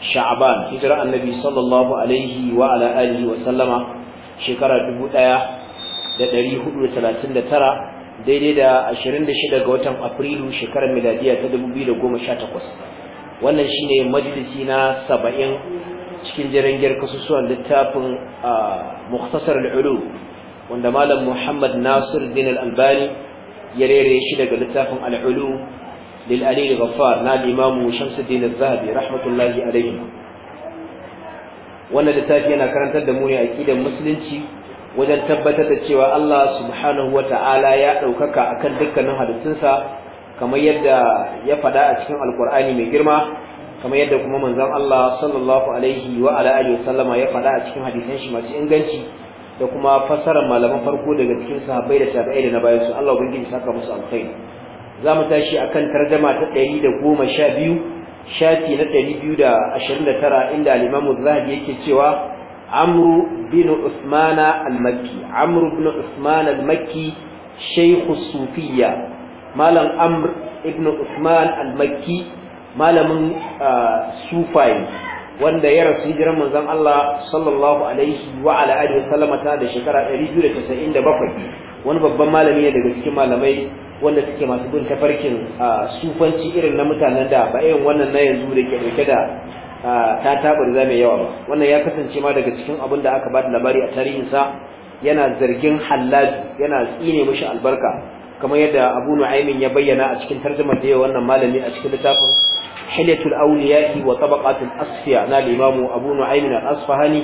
sha'ban hijira annabi sallallahu alaihi wa ala alihi wa sallama shekara 1439 daidai da 26 ga watan afrilu shekarar miladiya ta 2018 wannan shine majalisi na 70 cikin jirangiyar kasusuwan littafin mukhtasar al-ulum wanda malam Muhammad Nasir din al-Albani ya rere shi daga littafin al-ulum للأليل الغفار نال إمام شمس الدين الذهبي رحمة الله عليه wannan littafi yana karantar da mu ne aqidar musulunci wajen tabbatar da cewa Allah subhanahu wata'ala ya daukaka akan dukkanin halittunsa kamar yadda ya fada a cikin alkur'ani mai girma kamar yadda kuma manzon Allah sallallahu alaihi wa ala alihi ya fada a cikin hadisan shi masu inganci da kuma fassarar malaman farko daga cikin sahabbai da tabi'ai da na bayan su Allah ubangiji saka musu alkhairi za mu tashi a kan tarjama ta ɗari da goma sha biyu shafi na ɗari biyu da ashirin da tara inda alimamu zahabi yake cewa amru bin usmana al-makki amru bin usman al-makki shaykhu sufiyya malam amr ibn usman al-makki malamin ah, sufai wanda ya rasu hijiran manzon Allah sallallahu alaihi wa ala alihi sallama ta da shekara 297 wani babban malami ne daga cikin malamai wanda suke masu bin tafarkin sufanci irin na mutanen da ba irin wannan na yanzu da ke dauke da ta tabar za mai yawa ba wannan ya kasance ma daga cikin abin da aka ba da labari a sa yana zargin hallaju yana tsine mishi albarka kamar yadda abu nu'aymin ya bayyana a cikin tarjumar da wannan malami a cikin littafin hilyatul awliya'i wa tabaqatul asfiya na limamu abu nu'aymin al-asfahani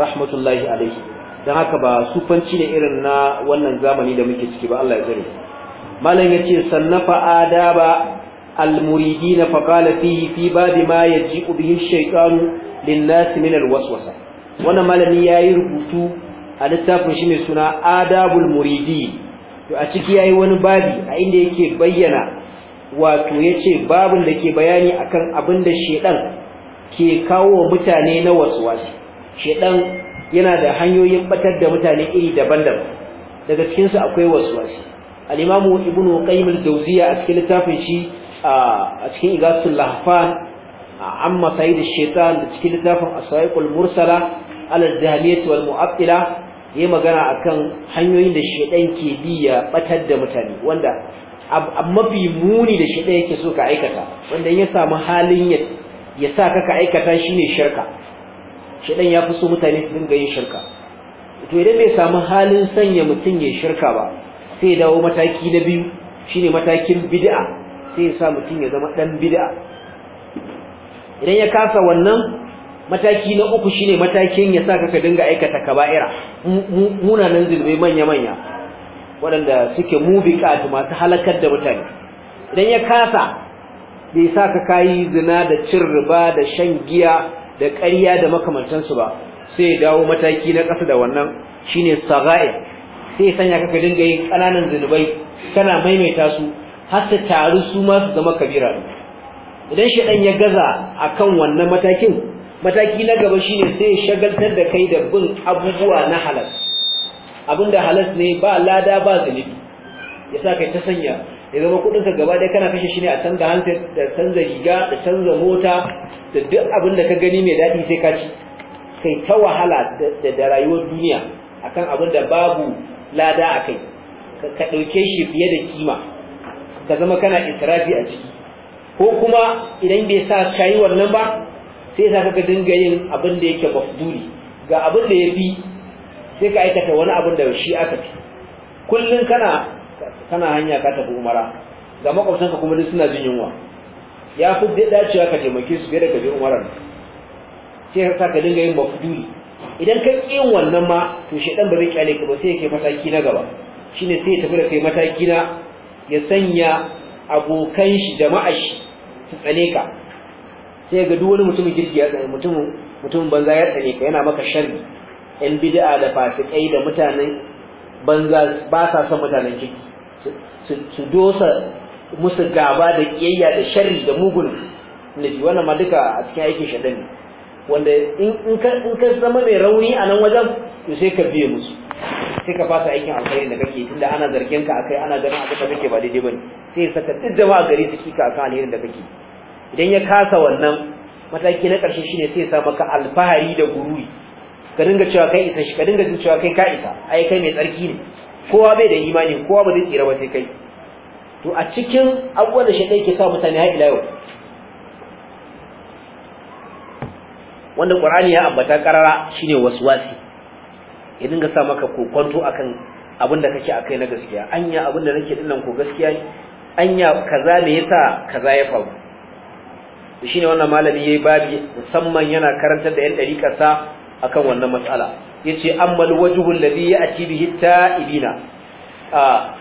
rahmatullahi alayhi dan haka ba sufanci ne irin na wannan zamani da muke ciki ba Allah ya tsare malam yace sannafa adaba المريدين فقال فيه ma باب ما يجيء به الشيطان للناس من malami ya yi rubutu a littafin shi mai suna adabul muridi to a ciki yayi wani babi a inda yake bayyana wato yace babin da ke bayani akan abin da shedan ke kawo mutane na waswasi shedan yana da hanyoyin batar da mutane iri daban-daban daga cikin su akwai waswasi al-imamu ibnu qayyim al-jawziya a cikin littafin shi a cikin igatul lahfan amma sayyid ash-shaytan da cikin littafin as-sa'iqul mursala ala al-jahmiyyah wal mu'attila yayi magana akan hanyoyin da shaytan ke bi ya batar da mutane wanda mafi muni da shaytan yake so ka aikata wanda ya samu halin ya ya sa ka ka aikata shine shirka shaytan ya fi so mutane su dinga yin shirka to idan bai samu halin sanya mutum ya shirka ba sai ya dawo mataki na biyu shine matakin bid'a sai ya sa mutum ya zama ɗan bid'a idan ya kasa wannan mataki na uku shine matakin ya saka ka dinga aikata kaba'ira munanan zulmai manya manya waɗanda suke mubiqat masu halakar da mutane idan ya kasa bai ka kayi zina da cin riba da shan giya da ƙarya da makamantansu ba sai ya dawo mataki na ƙasa da wannan shine sagha'ir sai sanya ka dinga yin ƙananan zunubai kana maimaita su har su taru su ma su zama kabira idan shaɗan ya gaza akan wannan matakin mataki na gaba shine sai ya shagaltar da kai da bin abubuwa na halas abinda halas ne ba lada ba zunubi ya sa kai ta sanya ya zama ka gaba ɗaya kana kashe shi ne a canza hantar da canza riga da canza mota da duk abin da ka gani mai daɗi sai ka ci kai ta wahala da rayuwar duniya akan abin da babu lada a kai ka ɗauke shi fiye da kima ka zama kana israfi a ciki ko kuma idan bai sa ka yi wannan ba sai sa ka dinga yin abin da yake mafduli ga abin da ya fi sai ka aikata wani abin da shi aka fi kullum kana kana hanya ka tafi umara ga makwabtanka kuma duk suna jin yunwa ya fi dacewa ka taimake su fiye da ka je umaran sai ka dinga yin mafduli idan ka yin wannan ma to shedan ba zai kyale ka ba sai yake mataki na gaba shine sai ya tafi da kai mataki na ya sanya abokan shi jama'a shi su tsane ka sai ga duk wani mutum kirki ya tsane mutumin mutum banza ya tsane ka yana maka sharri yan bid'a da fasikai da mutanen banza ba sa son mutanen kirki su dosa musu gaba da kiyayya da sharri da mugun ne wannan ma duka a cikin aikin shedan ne wanda in ka zama mai rauni a nan wajen to sai ka biye musu sai ka fasa aikin alkhairi da kake tunda ana zargin ka akai ana ganin abin da kake ba daidai bane sai saka duk jama'a gari su kika akan alherin da kake idan ya kasa wannan mataki na karshe shine sai sa maka alfahari da gururi ka dinga cewa kai isa shi ka dinga cewa kai ka isa ai kai mai tsarki ne kowa bai da imani kowa ba zai tsira ba sai kai to a cikin abubuwan da shaitan ke sa mutane ha ila yau wanda qur'ani ya ambata karara shine waswasi ya dinga sa maka kokonto akan abin da kake akai na gaskiya anya abin da nake dinnan ko gaskiya anya kaza me yasa kaza ya faru shine wannan malami yayi babi musamman yana karantar da yan dariƙar sa akan wannan matsala yace ammal wajhu alladhi ya'ti bihi ta'ibina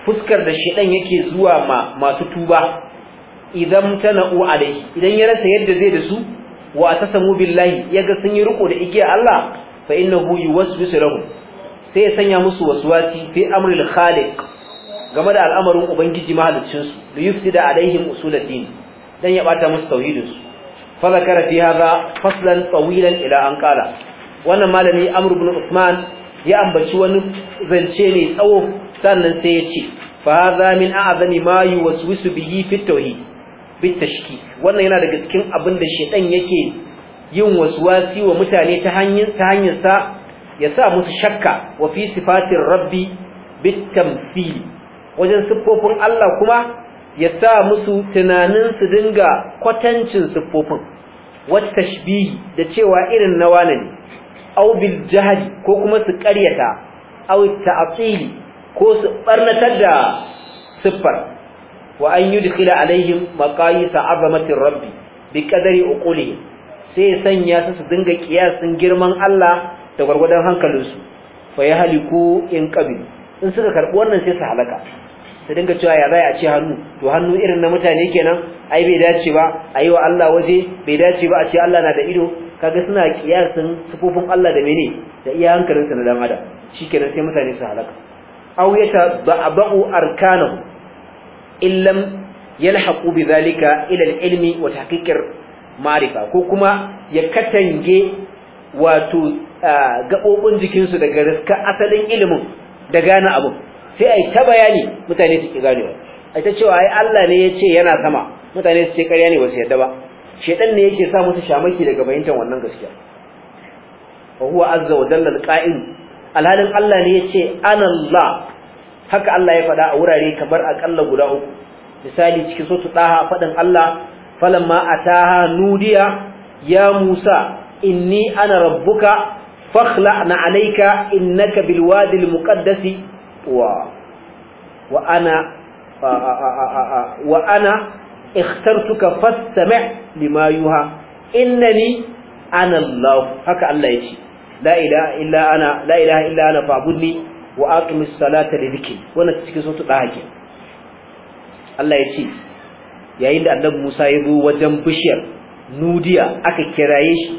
fuskar da shi dan yake zuwa ma masu tuba idan tana'u alai idan ya rasa yadda zai da su wa atasamu billahi yaga sun yi riko da igiya Allah fa innahu yuwaswisu lahum sai ya sanya musu waswasi fi amril khaliq game da al'amarin ubangiji mahaliccin su da yufsida alaihim usuluddin dan ya bata musu tauhidin su fa zakara fi hadha faslan tawilan ila an qala wannan malami amr ibn usman ya ambaci wani zance ne tsawo sannan sai ya ce fa hadha min a'zami ma yuwaswisu bihi fi tauhid bitashki wannan yana daga cikin abin da shedan yake yin waswasi wa mutane ta hanyar ta hanyar sa ya sa musu shakka wa fi sifatir rabbi bitamthil wajen siffofin Allah kuma ya sa musu tunanin su dinga kwatancin siffofin wat tashbih da cewa irin na wane ne aw bil jahl ko kuma su karyata, aw ta'til ko su barnatar da siffar wa an yudkhila alaihim maqayisa azamatir rabbi bi qadari uqulihim sai sanya su su dinga kiyasin girman Allah da gwargwadon hankalinsu fa yahliku in qabil in suka karbi wannan sai su halaka su dinga cewa ya zai a ce hannu to hannu irin na mutane kenan ai bai dace ba ayi wa Allah waje bai dace ba a ce Allah na da ido kaga suna kiyasin sufofin Allah da mene da iya hankalinsa na dan adam shikenan sai mutane su halaka aw yata ba'u arkanahu illam yalhaqu bi zalika ila ilmi wa tahqiqir ma'rifa ko kuma ya katange wato gabobin jikinsu daga riska asalin ilimin da gane abu sai ai ta bayani mutane su ki gane ai ta cewa ai Allah ne yace yana sama mutane su ce ƙarya ne ba su yadda ba shedan ne yake sa musu shamaki daga bayyantar wannan gaskiya wa huwa azza wa jalla al-qa'im alhalin Allah ne yace ana Allah haka Allah ya faɗa a wurare kamar aƙalla guda uku misali cikin sotu ɗaha faɗin Allah falamma ataha nudiya ya Musa inni ana rabbuka fakhla'na alayka innaka bilwadi almuqaddasi wa wa ana wa ana ikhtartuka fastami' lima yuha innani ana Allah haka Allah yace la ilaha illa ana la ilaha illa ana fa'budni wa aqimis salata li dhikri wannan cikin suratul dahake Allah ya ce yayin da Annabi Musa ya zo wajen bishiyar nudiya aka kiraye shi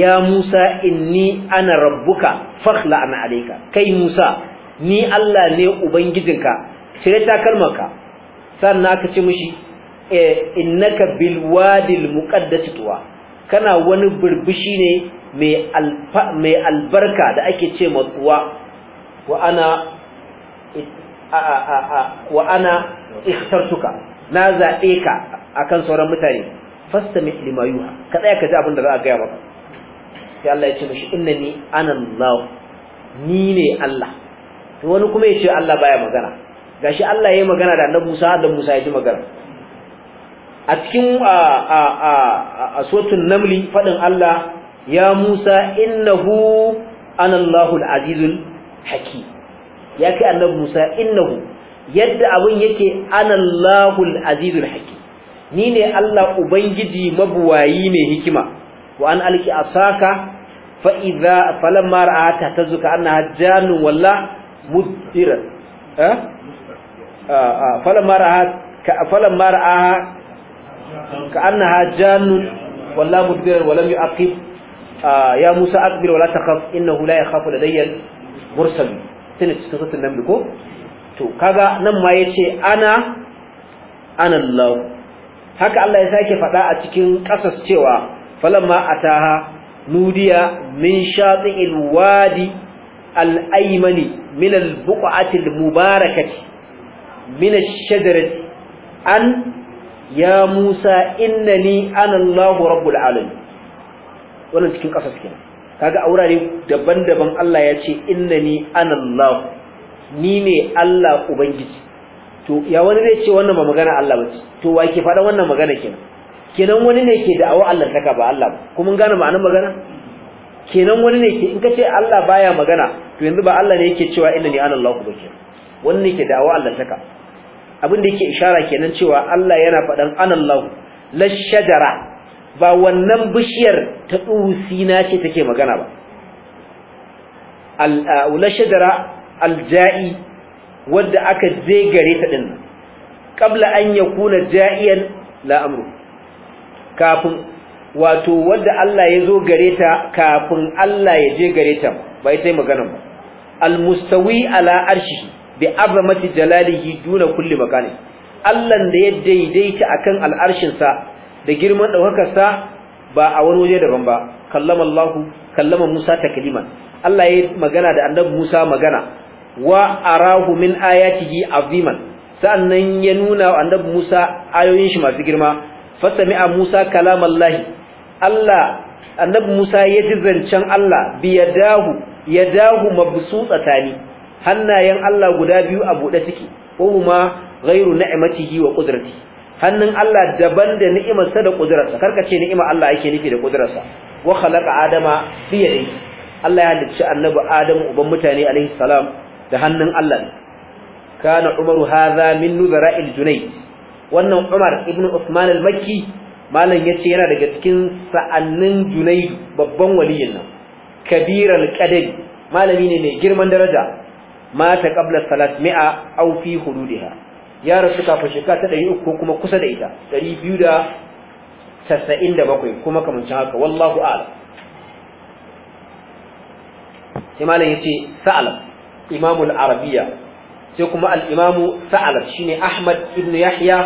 ya Musa inni ana rabbuka fakhla ana alayka kai Musa ni Allah ne ubangijinka cire kalmarka sannan aka ce mishi eh, innaka bilwadil muqaddas tuwa kana wani burbushi ne mai albarka da ake ce matsuwa wa ana wa ana ikhtartuka na zaɓe ka akan sauran mutane fasta mai limayu ka tsaya ka ji abin da za a gaya maka sai Allah ya ce mishi innani ana Allah ni ne Allah to wani kuma ya ce Allah baya magana gashi Allah ya yi magana da Annabi Musa da Musa ya ji magana a cikin a a a a suratul namli fadin Allah ya Musa innahu ana Allahul azizul ya kai annabi Musa innahu yadda abun yake ana Allahul azizul ni ne Allah ubangiji mabuwayi mai hikima wa an alki asaka fa idza falamma ra'ata tazuka annaha jannun walla mudira eh falamma ra'at ka falamma ra'aha ka annaha jannun walla mudira ya Musa aqbil wala takhaf innahu la yakhafu ladayya mursal tana cikin suratul naml ko to kaga nan ma yace ana ana Allah haka Allah ya sake faɗa a cikin ƙasas cewa falamma ataha nudiya min shati'il wadi al-aymani min al-buq'ati al-mubarakati min ash-shajarati an ya Musa innani ana Allah rabbul alamin wannan cikin ƙasa kenan kaga a wurare daban-daban Allah ya ce innani anallahu ni ne Allah ubangiji to ya wani zai ce wannan ba magana Allah ba ce to wa ke faɗa wannan magana kenan kenan wani ne ke da'awa Allah saka ba Allah ba kuma mun gane ma'anar magana kenan wani ne ke in ka ce Allah baya magana to yanzu ba Allah ne yake cewa innani anallahu ba kenan wani ne ke da'awa Allah saka abin da yake ishara kenan cewa Allah yana faɗan anallahu lashajara ba wannan bishiyar ta dusina ce take magana ba al shajara al-ja'i wanda aka gare ta din qabla an yakuna ja'iyan la amru kafin wato wanda Allah ya zo gare ta kafin Allah ya je gare ta bai sai magana ba al-mustawi ala arshi bi azamati jalalihi duna kulli makani Allah da ya daidaita akan al'arshinsa da girman sa ba a wani waje daban ba kallama Allahu kallama Musa takliman Allah ya magana da annabi Musa magana wa arahu min ayatihi aziman sannan ya nuna wa annabi Musa ayoyin shi masu girma fasami'a Musa kalamallahi Allah annabi Musa ya ji zancen Allah bi yadahu yadahu mabsutatani hannayen Allah guda biyu a bude suke ko kuma ghairu ni'matihi wa qudratihi hannun Allah daban da ni'imarsa da kudurarsa karka ce ni'ima Allah yake nufi da kudurarsa wa khalaqa adama bi yadihi Allah ya halicci annabi Adam uban mutane alaihi salam da hannun Allah kana Umaru hadha min nuzara'il Junayd wannan Umar ibn Usman al-Makki malam yace yana daga cikin sa'annin Junayd babban waliyin nan kabiral qadim malami ne mai girman daraja mata qabla 300 aw fi hududiha ya rasu kafin shekara ta ɗari uku kuma kusa da ita ɗari biyu da sassa'in da bakwai kuma kamancin haka wallahu ala. sai malam ya ce sa'alam imamul arabiya sai kuma al'imamu shi ne ahmad ibnu yahya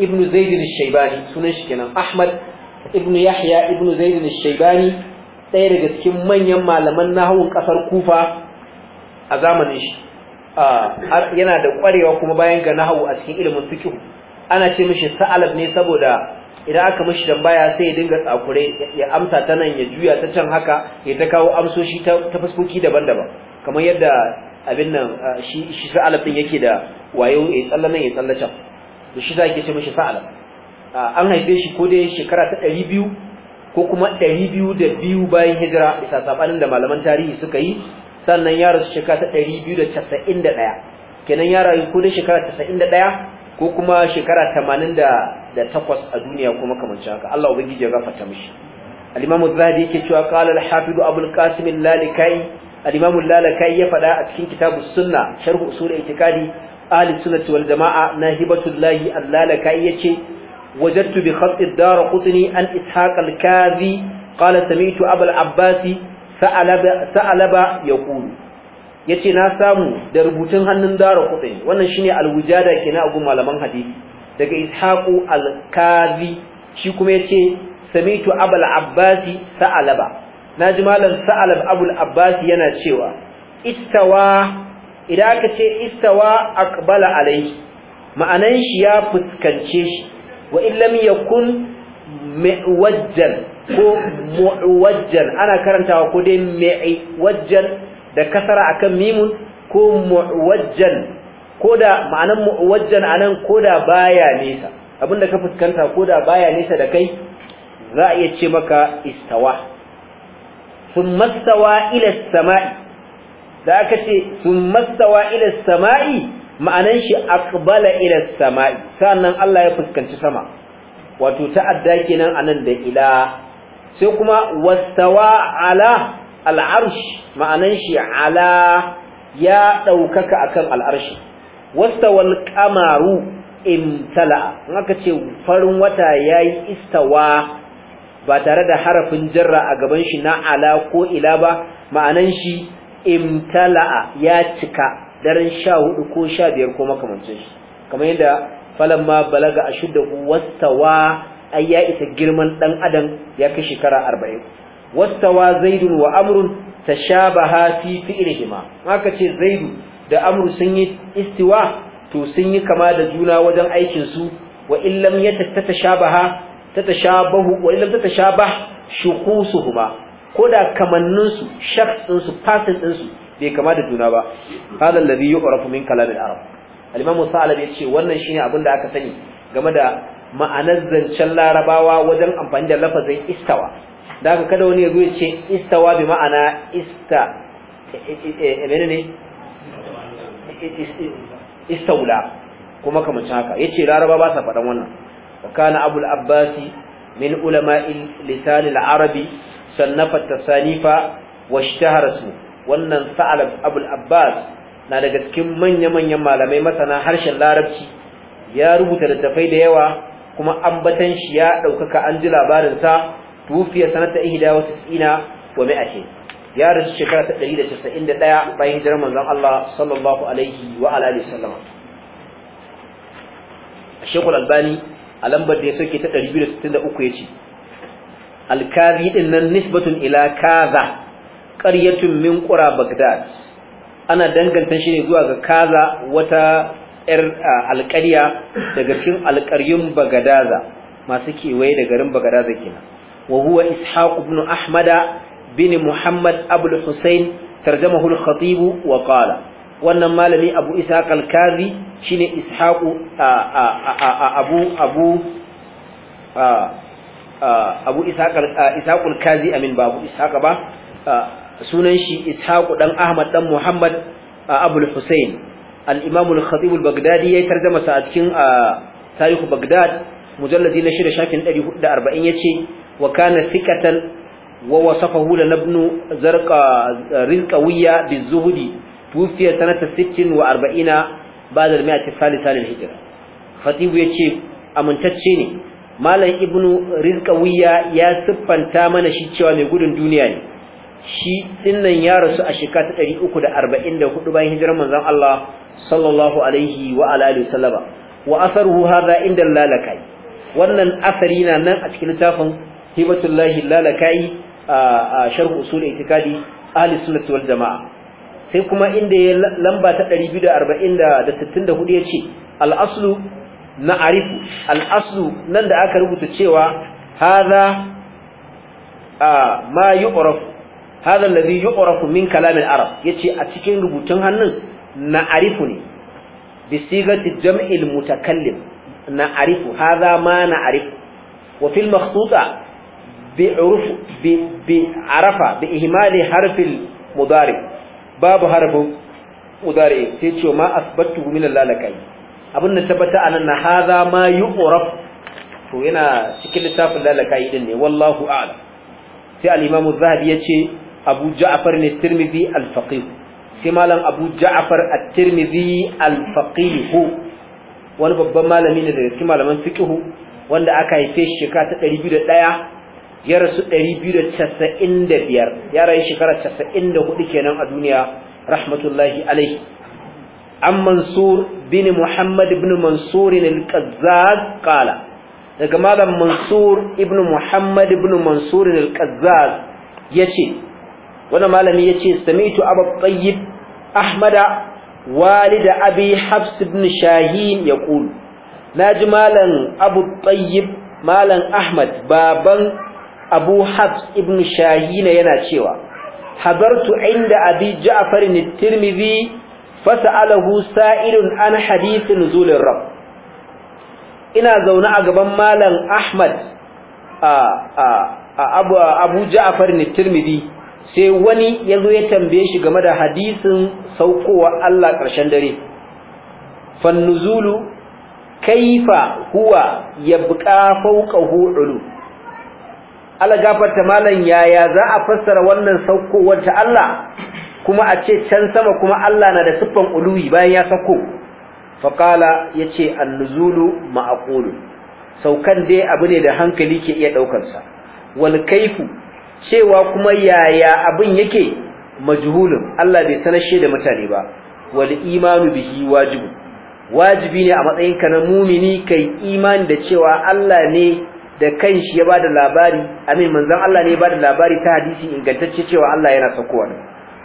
ibnu zaidin shaibani sunan shi kenan ahmad ibnu yahya ibnu zaidin shaibani ɗaya daga cikin manyan malaman nahawun ƙasar kufa a zamanin shi yana da kwarewa kuma bayan ga nahawu a cikin ilimin fiqh ana ce mishi sa'alab ne saboda idan aka mishi tambaya sai ya dinga tsakure ya amsa ta nan ya juya ta can haka ya ta kawo amsoshi ta fuskoki daban-daban kamar yadda abin nan shi shi sa'alab din yake da wayo ya tsalla nan ya tsalla can to shi za ke ce mishi sa'alab an haife shi ko dai shekara ta 200 ko kuma 202 bayan hijira bisa sabanin da malaman tarihi suka yi sannan ya rasu shekara ta ɗari biyu da casa'in da ɗaya kenan ya rayu ko da shekara casa'in da ɗaya ko kuma shekara tamanin da takwas a duniya ko makamancin haka Allah ubangiji ya gafarta mishi al-imamu zahabi yake cewa qala al-hafidu abul qasim al-lalikai al-imamu al-lalikai ya faɗa a cikin kitabu sunna sharh usul i'tiqadi ahli sunnati wal jama'a nahibatullahi al-lalikai yace وجدت بخط الدار قطني عن إسحاق الكاذي قال سمعت أبا العباس sa'alaba ya kulu ya ce na samu da rubutun hannun dara kutsai wannan shine alwujada ke na malaman hadisi daga ishaku alkazi shi kuma ya ce samitu abul abbasi sa'alaba na ji malam sa'alab abul abbasi yana cewa istawa idan aka ce istawa aqbala alai ma'anan shi ya fuskance shi wa illam yakun muwajjal ko muwajjal ana karantawa ko dai muwajjal da kasara akan mimun ko muwajjal ko da ma'anan muwajjal anan ko da baya nesa abinda ka fuskanta ko da baya nesa da kai za a iya ce maka istawa thumma istawa ila samai da aka ce thumma istawa ila samai ma'anan shi aqbala ila samai sannan Allah ya fuskanci sama wato ta'adda kenan anan da ila sai kuma wastawa ala al'arsh ma'anan shi ala ya daukaka akan al'arsh wastawal qamaru imtala in aka ce farin wata yayi istawa ba tare da harafin jarra a gaban shi na ala ko ila ba ma'anan shi imtala ya cika daren 14 ko 15 ko makamancin shi kamar yadda falamma balaga ashuddahu wastawa ai ya isa girman dan adam ya kai shekara 40 wastawa zaidun wa amrun tashabaha fi fi'lihima haka ce zaidu da amru sun yi istiwa to sun yi kama da juna wajen aikin su wa illam yatashabaha tatashabahu wa illam tatashabah shuqusuhuma koda kamannin su shakhs din su din su bai kama da juna ba hada alladhi yu'rafu min kalamil arab al-imamu sa'alab ya ce wannan shine abin da aka sani game da ma'anar zancen larabawa wajen amfani da lafazin istawa da aka kada wani ya ya ce istawa bi ma'ana ista eh, eh, eh, menene kuma kamar haka yace laraba ba sa faɗan wannan wa kana abul abbas min ulama'il lisan al-arabi sannafa tasanifa washtahara su wannan sa'al abul abbas na daga cikin manya-manyan malamai masana harshen larabci ya rubuta littattafai da yawa kuma ambatan shi ya ɗaukaka an ji labarinsa tufiya sanata ihda wa tis'ina wa mi'ati ya rasu shekara ta 191 bayan hijirar manzon Allah sallallahu alaihi wa alihi sallama Sheikh Al-Albani a lambar da ya soke ta 263 yace Al-kazi din nan nisbatun ila kaza qaryatun min qura Baghdad ana danganta shi ne zuwa ga kaza wata yar alƙarya daga cikin alƙaryun bagadaza masu kewaye da garin bagadaza kenan wa huwa ishaq ibn ahmada bin muhammad abul husain tarjamahu al-khatib wa qala wannan malami abu ishaq al-kazi shine ishaq abu abu abu ishaq al-kazi amin babu ishaq ba sunan shi ishaqu dan ahmad dan muhammad abul husain al-imam al-khatib al-baghdadi ya tarjama sa a cikin tarikh baghdad mujalladi na shida shafin 440 yace wa kana thiqatan wa wasafahu lana ibn zarqa rizqawiyya bizuhdi tufiya sanata 46 ba'da al-mi'ati al-thalitha lil-hijra khatib yace amintacce ne malam ibnu rizqawiyya ya siffanta mana shi cewa mai gudun duniya ne shi dinnan ya rasu a shekara ta 344 bayan hijirar manzon Allah sallallahu alaihi wa alihi wasallama wa atharuhu hadha inda lalakai wannan asari na nan a cikin littafin hibatullahi lalakai a sharh usul itikadi ahli sunnah wal jamaa sai kuma inda ya lamba ta 244 yace al aslu na'rifu al aslu nan da aka rubuta cewa hadha ma yu'rafu hadha alladhi yu'rafu min kalamin al-arab yace a cikin rubutan hannun na arifu ne bi sigati jam'i al-mutakallim na arifu hadha ma na arifu wa fil makhtuta bi urufu bi arafa bi abin da tabbata anan na hadha ma to yana cikin littafin lalakai din ne wallahu a'lam sai al-imamu zahabi yace abu ja'far ne tirmidhi al-faqih sai malam abu ja'far at-tirmidhi al-faqih wani babban malami ne daga cikin malaman fiqh wanda aka haife shi shekara ta 201 ya rasu 295 ya rayu shekara 94 kenan a duniya rahmatullahi alaihi an mansur bin muhammad ibn mansur al-qazzaz qala daga malam mansur ibn muhammad ibn mansur al-qazzaz yace wannan malami yace sami'tu abu tayyib ahmada walida abi hafs ibn shahin yaqul naji malam abu tayyib malam ahmad baban abu hafs ibn shahin yana cewa hadartu inda abi ja'far bi tirmidhi fas'alahu sa'ilun an hadith nuzul rabb ina zaune a gaban malam ahmad a abu abu ja'far at-tirmidhi sai wani ya zo ya tambaye shi game da hadisin saukowa Allah ƙarshen dare fannuzulu kaifa huwa yabqa fauƙa ulu Allah gafarta malan yaya za a fassara wannan saukowar ta Allah kuma a ce can sama kuma Allah na da siffan uluhi bayan ya sauko faqala yace annuzulu ma'qulu saukan dai abu ne da hankali ke iya daukar sa wal kaifu cewa kuma yaya abin yake majhulun Allah bai sanar shi da mutane ba wal imanu bihi wajibu wajibi ne a matsayin ka na mumini kai imani da cewa Allah ne da kanshi ya bada labari amin manzon Allah ne ya bada labari ta hadisi ingantacce cewa Allah yana sakowa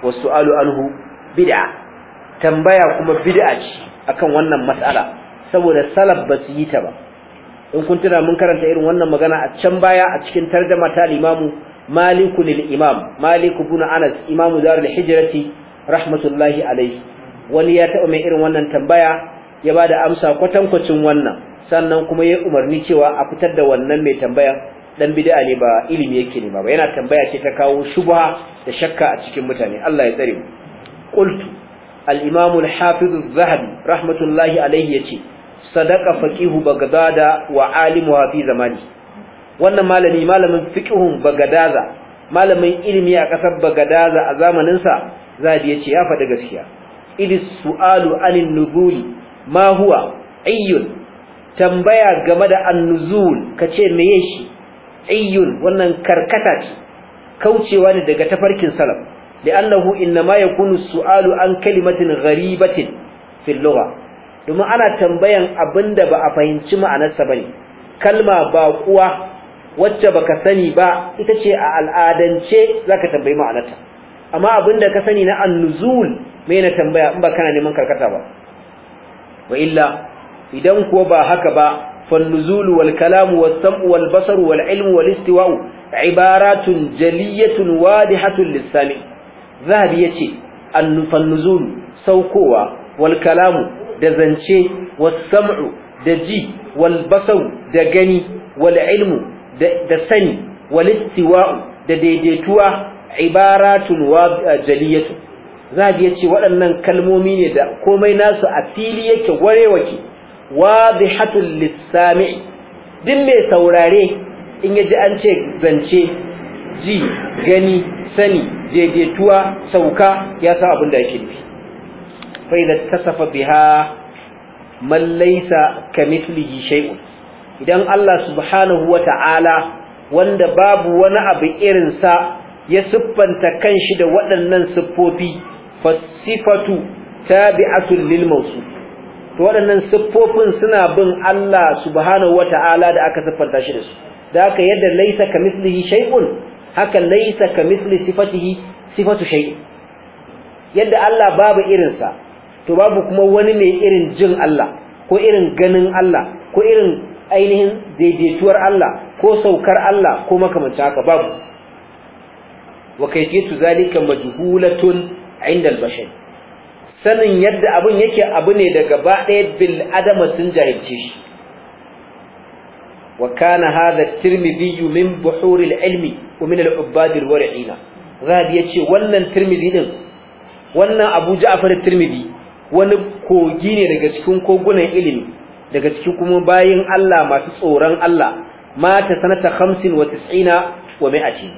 wasu alu anhu bid'a tambaya kuma bid'a ce akan wannan matsala. saboda salaf ba su yi ta ba in kun tuna mun karanta irin wannan magana a can baya a cikin tarjama ta limamu maliku lil imam maliku ibn anas imamu darul hijrati rahmatullahi alaihi wani ya taɓa mai irin wannan tambaya ya ba da amsa kwatankwacin wannan sannan kuma ya yi umarni cewa a fitar da wannan mai tambaya dan bid'a ne ba ilimi yake ne ba yana tambaya ce ta kawo shubha da shakka a cikin mutane Allah ya tsare mu qultu al-imam al-hafiz az-zahabi rahmatullahi alayhi yace sadaqa faqihu bagdada wa alimu fi zamani wannan malami malamin fiqhun bagadaza malamin ilimi a kasar bagadaza a zamanin sa zabi yace ya faɗi gaskiya idis su'alu anin nuzul ma huwa ayyun tambaya game da annuzul kace meye shi ayyun wannan karkata ce kaucewa ne daga tafarkin salaf li'annahu inma yakunu su'alu an kalimatin gharibatin fil lugha domin ana tambayan abinda ba a fahimci ma'anarsa bane kalma ba kuwa wacce baka sani ba ita ce a al'adance zaka tambayi ma'anarta amma abin da ka sani na annuzul me na tambaya in ba kana neman karkata ba wa illa idan kuwa ba haka ba fa wal kalamu was wal basaru wal ilmu wal istiwa'u ibaratun jaliyatun wadihatun lis sami' zahabi yace annufan nuzul saukowa wal kalamu da zance was sam'u da ji wal basaru da gani wal ilmu da sani wal da daidaituwa ibaratun wa jaliyatu zabi yace waɗannan kalmomi ne da komai nasu a fili yake warewake wadihatul lisami din mai saurare in yaji an ce zance ji gani sani daidaituwa sauka ya san abin da yake nufi fa idza tasafa biha man laysa kamithlihi shay'un idan Allah subhanahu wa ta'ala wanda babu wani abu irin sa ya siffanta kanshi da waɗannan siffofi fasifatu tabi'atul lil mawsu to waɗannan siffofin suna bin Allah subhanahu wa ta'ala da aka siffanta shi da su da haka yadda laisa mithlihi shay'un haka laisa mithli sifatihi sifatu shay'in yadda Allah babu irin to babu kuma wani mai irin jin Allah ko irin ganin Allah ko irin ainihin daidaituwar Allah ko saukar Allah ko makamancin haka babu wa kayfiyatu zalika majhulatun inda al-bashar sanin yadda abin yake abu ne da gaba ɗaya bil adama sun jahilce shi wa kana hadha at-tirmidhi min buhur al-ilmi wa min al-ubbad al-war'ina zabi yace wannan tirmidhi din wannan abu ja'far at-tirmidhi wani kogi ne daga cikin kogunan ilimi daga cikin kuma bayin Allah masu tsoron Allah mata sanata 95 wa mi'ati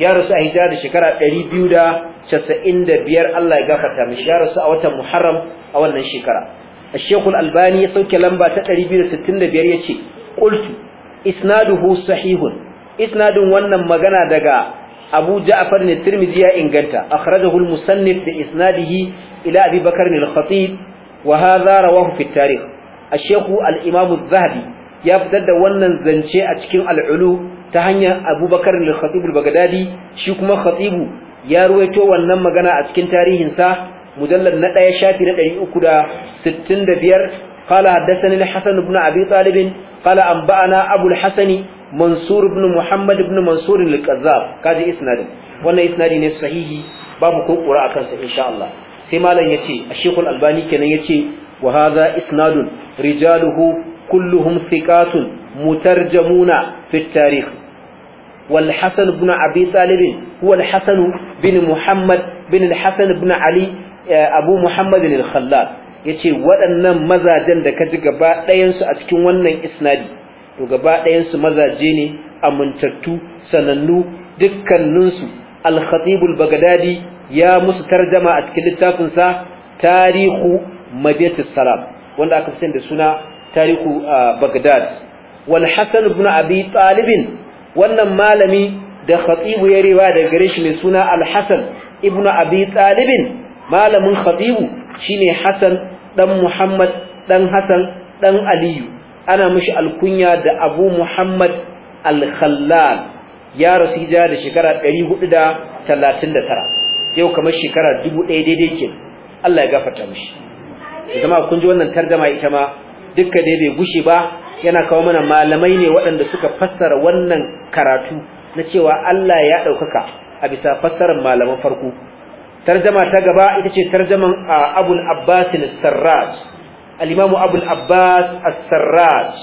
ya rasu a hijira da shekara 295 Allah ya gafarta mishi ya rasu a watan Muharram a wannan shekara Sheikh Al-Albani ya sauke lamba ta 265 yace qultu isnaduhu sahihun isnadun wannan magana daga Abu Ja'far ne Tirmidhi ya inganta akhrajahu al-musannif bi isnadihi ila Abi Bakr al-Khatib wa hadha rawahu fi at-tarikh a ashehu al’imamu zahabi ya fitar da wannan zance a cikin al’ulu ta hanyar abubakar lalhatsibul bagadadi shi kuma khatibu ya ruwaito wannan magana a cikin tarihinsa mujallar na ɗaya shafi na ɗari uku da sittin da biyar kala haddasani hasan ibn abi talibin kala an ba'ana abu hasani mansur muhammad ibn mansur al-qazzab kaji isnadin wannan isnadi ne sahihi babu ko qura akan insha Allah sai malam yace ashikul albani kenan yace wa hadha isnadun rijaluhu kulluhum thiqatun mutarjamuna fi tarikh والحسن بن أبي طالب bin الحسن bin محمد بن الحسن بن علي أبو محمد الخلال yace waɗannan mazajen da ka ji gaba a cikin wannan isnadi to gaba mazaje ne amintattu sanannu dukkaninsu al bagdadi ya musu tarjama a cikin littafinsa tarihu madiyatus salam wanda aka fi da suna tarihu Baghdad wal Hasan ibn Abi Talib wannan malami da khatibu ya riwa da gare shi mai suna Al Hasan ibn Abi Talib malamin khatibu shine Hassan, dan Muhammad dan Hassan, dan Aliyu ana mishi alkunya da Abu Muhammad Al Khallal ya rasu hijira da shekara 439 yau kamar shekara 1000 daidai ke Allah ya gafarta mishi Zama kun ji wannan tarjama ita ma dukka dai bai gushi ba yana kawo mana malamai ne waɗanda suka fassara wannan karatu na cewa Allah ya ɗaukaka a bisa fassarar malaman farko tarjama ta gaba ita ce tarjaman Abul Abbas al-Sarraj al-Imam Abul Abbas al-Sarraj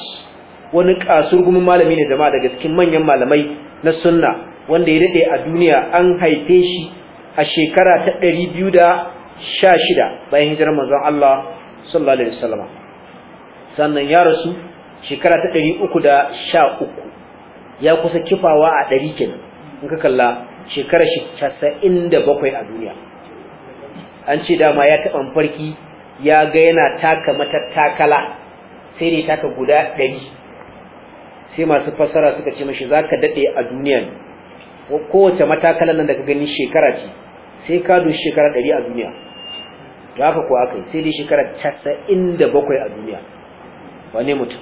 wani kasurgumin malami ne jama'a daga cikin manyan malamai na sunna wanda ya dade a duniya an haife shi a shekara ta 200 sha shida bayan hijirar manzon Allah sallallahu alaihi wasallam sannan ya rasu shekara ta ɗari uku da sha uku ya kusa kifawa a ɗari kenan in ka kalla shekara shi casa'in da bakwai a duniya an ce dama ya taɓa farki ya ga yana taka matattakala sai ne taka guda ɗari sai masu fassara suka ce mashi za ka daɗe a duniya kowace matakalan nan da ka gani shekara ce sai ka doshi shekara ɗari a duniya to haka ko aka yi sai dai shekara casa'in da bakwai a duniya wane mutum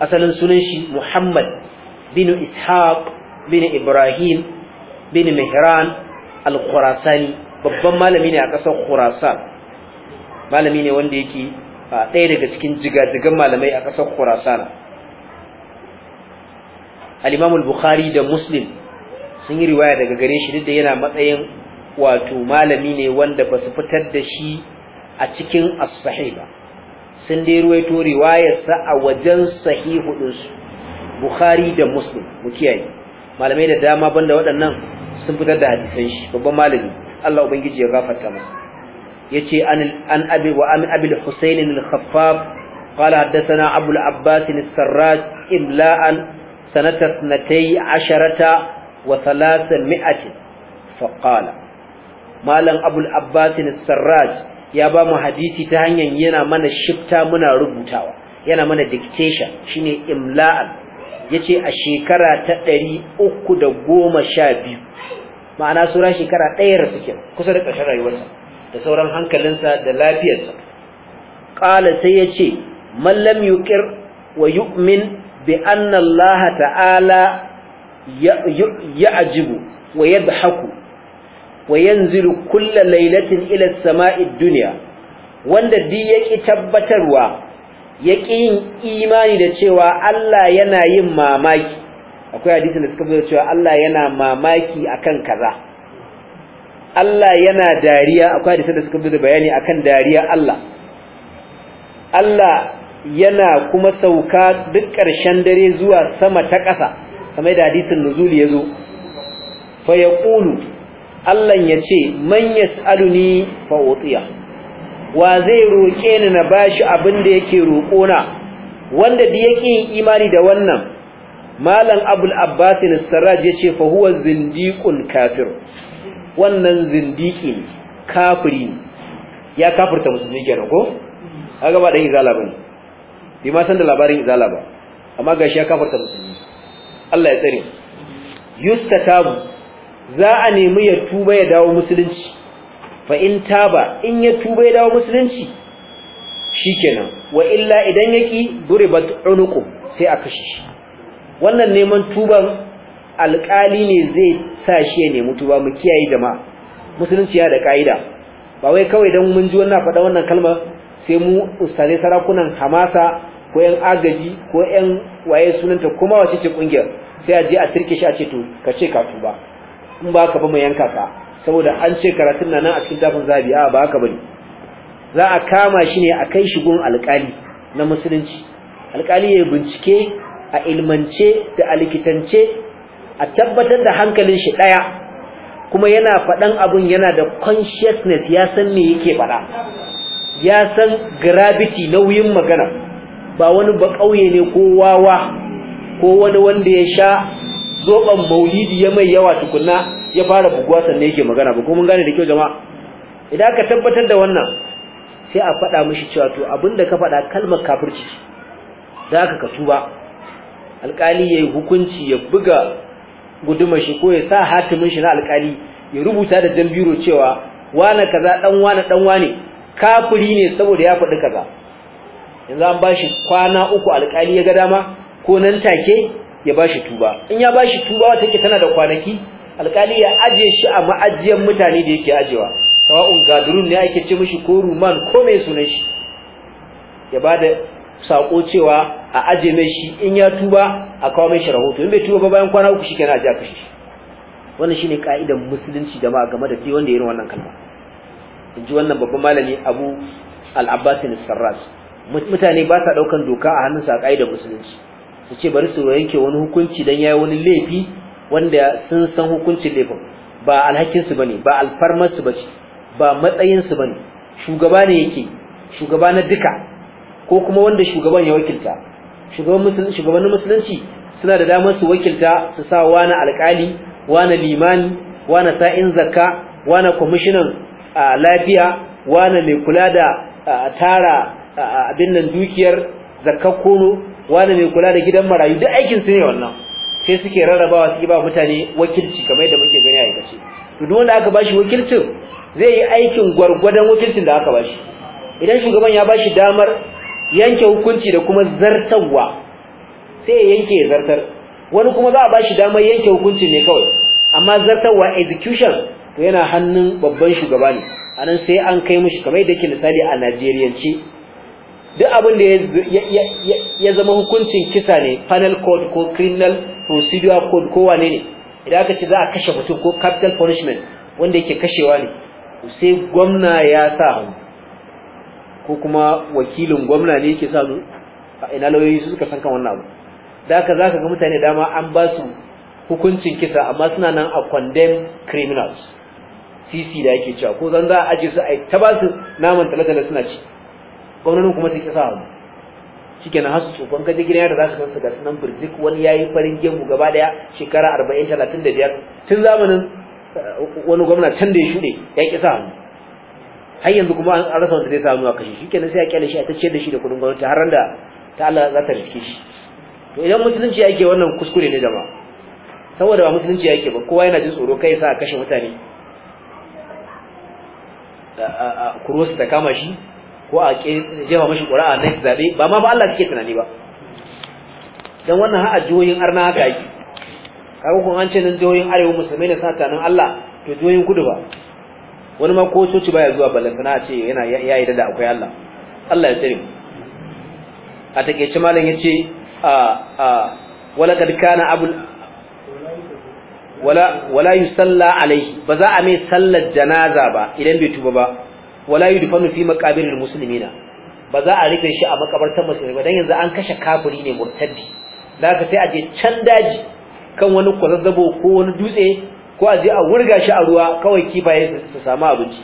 asalin sunan shi muhammad bin ishaq bin ibrahim bin mihran al-khurasani babban malami ne a ƙasar khurasan malami ne wanda yake ɗaya daga cikin jigajigan malamai a ƙasar khurasan al-imam bukhari da muslim sun yi riwaya daga gare shi duk da yana matsayin wato malami ne wanda ba su fitar da shi a cikin as-sahih ba sun dai ruwaito riwayar sa a wajen sahihu din su bukhari da muslim mu kiyaye malamai da dama banda waɗannan sun fitar da hadisan shi babban malami Allah ubangiji ya gafarta masa yace an an abi wa an abi al-husayn al-khaffaf قال حدثنا أبو العباس السراج إملاء سنة اثنتي عشرة وثلاثمائة فقال مالا أبو العباس السراج ya ba mu hadisi ta hanyar yana mana shifta muna rubutawa yana mana dictation shine imla'an yace a shekara ta 312 ma'ana sura shekara ɗaya da suke kusa da ƙarshen rayuwarsa da sauran hankalinsa da lafiyarsa qala sai yace man lam yuqir wa yu'min bi anna Allah ta'ala ya'jibu wa yadhaku wa yanzilu kulla lailatin ila sama'id dunya wanda di yake tabbatarwa yake yin imani da cewa Allah yana yin mamaki akwai hadisi da suka bayyana cewa Allah yana mamaki akan kaza Allah yana dariya akwai hadisi da suka da bayani akan dariya Allah Allah yana kuma sauka duk ƙarshen dare zuwa sama ta ƙasa kamar da hadisin nuzuli yazo fa yaqulu Allah ya ce man yas'aluni fa utiya wa zai roke ni na bashi abin da yake roko na wanda da yake yin imani da wannan malam abul abbas al-sarraj ce fa huwa zindiqun kafir wannan zindiki kafiri ya kafirta musulmi kenan ko kaga ba dan izala bane bi ma san da labarin izala ba amma gashi ya kafirta musulmi Allah ya tsare yustatabu za a nemi ya tuba ya dawo musulunci fa in taba in ya tuba ya dawo musulunci shikenan wa illa idan yaki duribat unuqu sai a kashe shi wannan neman tuban alƙali ne zai sa shi ya nemi tuba mu kiyaye jama'a musulunci ya da kaida ba wai kawai dan mun ji wannan faɗa wannan kalma sai mu ustane sarakunan hamasa ko yan agaji ko yan waye sunanta kuma wace ce kungiyar sai a je a turke shi a ce to ka ce ka tuba in ba ka ba mu yanka ka saboda an ce karatun nan a cikin tafin zabi a ba haka bane za a kama shi ne a kai shi gun alƙali na musulunci alƙali ya bincike a ilmance da a likitance a tabbatar da hankalin shi ɗaya kuma yana faɗan abun yana da consciousness ya san me yake faɗa ya san gravity nauyin magana ba wani ba ƙauye ne ko wawa ko wani wanda ya sha zoban maulidi ya mai yawa tukunna ya fara buguwa sannan yake magana ba ko mun gane da kyau jama'a idan ka tabbatar da wannan sai a faɗa mishi cewa to abinda ka faɗa kalmar kafirci za ka ka tuba alƙali yayi hukunci ya buga gudumar shi ko ya sa hatimin shi na alƙali ya rubuta da dambiro cewa wane kaza dan wane dan wane kafiri ne saboda ya faɗi kaza yanzu an shi kwana uku alƙali ya ga dama ko nan take ya bashi tuba in ya bashi tuba wata take tana da kwanaki alkali ya aje shi a ma'ajiyan mutane da yake ajewa sawa'un gadurun ne ake ce mishi ko ruman ko mai sunan shi ya bada sako cewa a aje mai shi in ya tuba a kawo mai shi rahoto in bai tuba ba bayan kwana uku shikenan aje a aka shi wannan shine ka'idar musulunci jama'a game da wanda ya yi wannan kalma in ji wannan babban malami Abu Al-Abbas sarras mutane ba sa daukan doka a hannunsa a ka'idar musulunci su ce bari su yanke wani hukunci dan yayi wani laifi wanda sun san hukuncin laifin ba alhakin su bane ba alfarmar su bace ba matsayin su bane shugaba ne yake shugaba na duka ko kuma wanda shugaban ya wakilta shugaban musulunci shugabannin musulunci suna da damar su wakilta su sa wani alkali wani limani wani sa'in zakka wani kwamishinan lafiya wani mai kula da tara abin nan dukiyar zakka kono wani mai kula da gidan marayu duk aikin su ne wannan sai suke rarrabawa suke ba mutane wakilci kamar yadda muke gani a aikace to duk wanda aka bashi wakilcin zai yi aikin gwargwadon wakilcin da aka bashi idan shugaban ya bashi damar yanke hukunci da kuma zartarwa sai ya yanke ya zartar wani kuma za a bashi damar yanke hukunci ne kawai amma zartarwa execution to yana hannun babban shugaba ne anan sai an kai mishi kamar yadda ke misali a Najeriyance duk abin da ya zama hukuncin kisa ne panel code ko criminal procedure code ko wane ne idan aka ce za a kashe mutum ko capital punishment wanda yake kashewa ne sai gwamna ya sa hannu ko kuma wakilin gwamna ne yake sa hannu a ina lauyoyi su suka san kan wannan abu da haka za ka ga mutane dama an ba su hukuncin kisa amma suna nan a condemn criminals cc da yake cewa ko zan za a aje su a ta ba su naman talatala suna ci kwanonin kuma suke sa hannu shikenan na hasu tsofan kaji gina yadda zaka san su ga sunan burjik wani yi farin gemu gaba daya shekara 40 35 tun zamanin eh, wani gwamna can da ya shuɗe ya ƙi sa hannu har yanzu kuma an rasa wanda zai sa hannu a kashe shi kenan sai a kyale shi a tace da shi da kudin gwamnati har da ta Allah za ta rike shi to idan musulunci ke wannan kuskure ne jama'a saboda ba musulunci ke ba kowa yana jin tsoro kai sa a kashe mutane kurwasu ta kama shi ko a jefa mashi a na zaɓe ba ma fa Allah suke tunani ba Don wannan har jihohin arna haka yake kaga kun an ce nan jihohin arewa musulmai ne sata nan Allah to jihohin kudu ba wani ma ko coci baya zuwa ballanta a ce yana ya yi da akwai Allah Allah ya tsare a takeice malam yace a a wala kad kana abul wala wala yusalla alaihi ba za a mai sallar janaza ba idan bai tuba ba wala yudfanu fi maqabiril muslimina ba za a rufe shi a makabartar musulmi ba dan yanzu an kashe kafiri ne murtaddi da ka sai a je can daji kan wani kwazazzabo ko wani dutse ko a je a wurga shi a ruwa kawai kifaye su samu abinci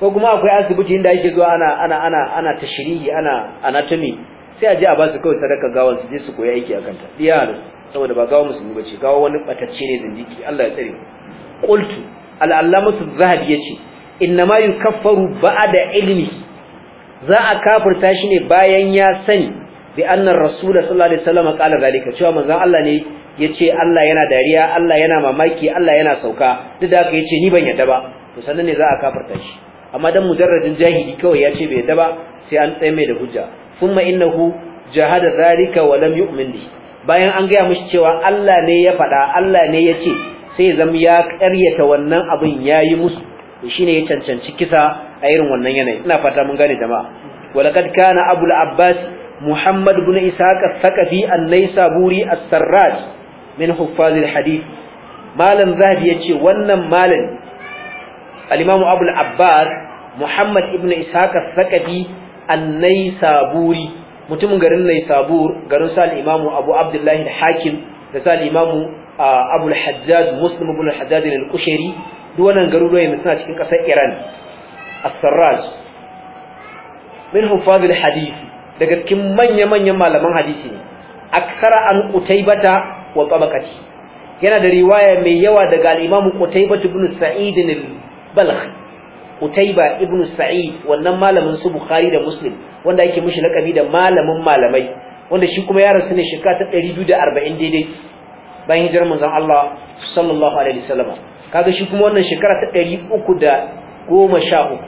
ko kuma akwai asibiti inda ake zuwa ana ana ana ana tashrihi ana anatomy sai a je a ba su kawai sadaka gawan su je su koyi aiki akan ta diya saboda ba gawa musulmi bace gawa wani batacce ne zindiki Allah ya tsare qultu al-allamatu zahabi yace Inna innama yukaffaru ba'da ilmi za a kafirta shi ne bayan ya sani bi annar rasul sallallahu alaihi wasallam qala zalika cewa manzon Allah ne yace Allah yana dariya Allah yana mamaki Allah yana sauka duk da haka yace ni ban yadda ba to sannan ne za a kafirta shi amma dan mujarradin jahili kawai yace bai yadda ba sai an tsaye mai da hujja kuma innahu jahada zalika wa lam yu'min bi bayan an ga mishi cewa Allah ne ya faɗa Allah ne yace sai zam ya ƙaryata wannan abin yayi musu shine ya cancanci kisa a irin wannan yanayi ina fata mun gane jama'a walaqad kana abul abbas muhammad ibn ishaq al-thaqafi an-naisaburi as-sarraj min huffaz al-hadith malam zahabi yace wannan malam al-imam abul abbas muhammad ibn ishaq al-thaqafi an-naisaburi mutumin garin naisabur garin sa al-imam abu abdullahi al-hakim da sa al-imam ah, abu hajjaj muslim ibn al-hajjaj al-qushayri duk wannan garuruwa da suna cikin ƙasar iran as-sarraj min hufazil hadisi daga cikin manya-manyan malaman hadisi ne aksara an qutaybata wa tabaqati yana da riwaya mai yawa daga al imam qutaybah ibn sa'id al-balkh Utaiba ibn Sa'id wannan malamin su Bukhari da Muslim wanda yake mishi lakabi da malamin malamai wanda shi kuma ya rasu ne shekara ta 240 daidai bayan hijirar manzon Allah sallallahu alaihi wasallam kaga shi kuma wannan shekara ta ɗari uku da goma sha uku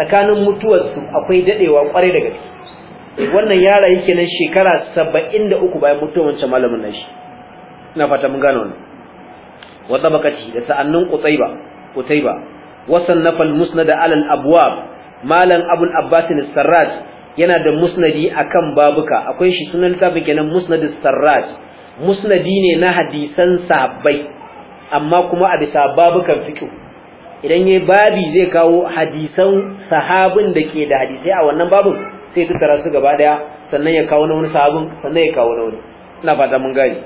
tsakanin mutuwarsu akwai daɗewa kwarai daga gaske wannan yara yake nan shekara saba'in da uku bayan mutuwar wancan malamin nan shi ina fata mun gane wannan wa tabakati da sa'annin Kutaiba qutayba wasan nafal al-musnad ala al-abwab malan abul abbas al-sarraj yana da musnadi akan babuka akwai shi sunan littafin kenan musnad al-sarraj musnadi ne na hadisan sahabbai amma kuma a bisa babukan fiqh idan yayi babi zai kawo hadisan sahabin da ke da hadisai a wannan babun sai ya tattara su gaba daya sannan ya kawo na wani sahabin sannan ya kawo na wani ina fata mun gane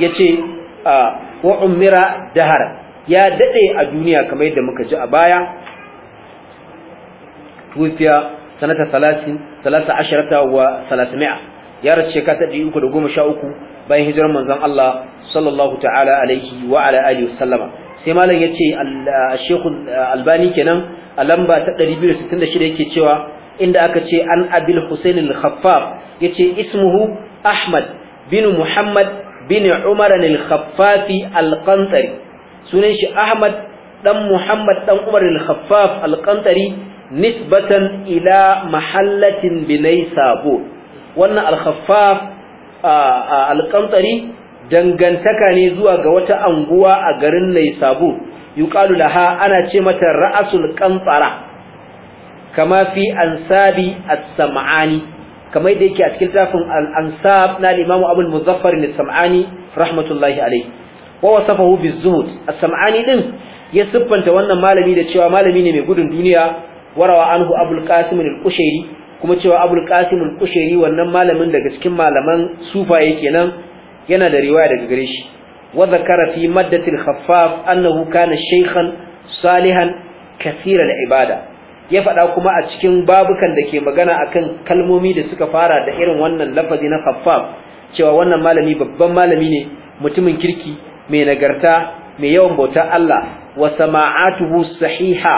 yace wa umira dahar ya dade a duniya kamar yadda muka ji a baya tufiya sanata 30 13 wa 300 ya race shekara 313 bayan hijirar manzon Allah sallallahu ta'ala alaihi wa ala alihi wasallama sai malam yace al-Sheikh uh, uh, Albani kenan a lamba ta 266 yake cewa inda aka ce an Abil Husain al-Khaffaf yace ismuhu Ahmad bin Muhammad bin Umar al-Khaffafi al-Qantari sunan shi Ahmad dan Muhammad dan Umar al-Khaffaf al-Qantari nisbatan ila mahallatin binai wannan al-Khaffaf alƙantari dangantaka ne zuwa ga wata anguwa a garin Laisabu yuqalu laha ana ce mata ra'asul qantara kama fi ansabi as-sam'ani kamar da yake a cikin tafin al-ansab na Imam Abu al-Muzaffar al-Sam'ani rahmatullahi alayhi wa wasafahu bizuhud as-sam'ani din ya siffanta wannan malami da cewa malami ne mai gudun duniya warawa anhu Abul Qasim al-Qushairi kuma cewa abul qasim al-kushairi wannan malamin daga cikin malaman sufa sufaye nan, yana da riwaya daga gare shi wa zakara fi maddatil khaffaf annahu kana shaykhan salihan kathira al-ibada ya faɗa kuma a cikin babukan da ke magana akan kalmomi da suka fara da irin wannan lafazi na khaffaf cewa wannan malami babban malami ne mutumin kirki mai nagarta mai yawan bautar Allah wa sama'atuhu sahiha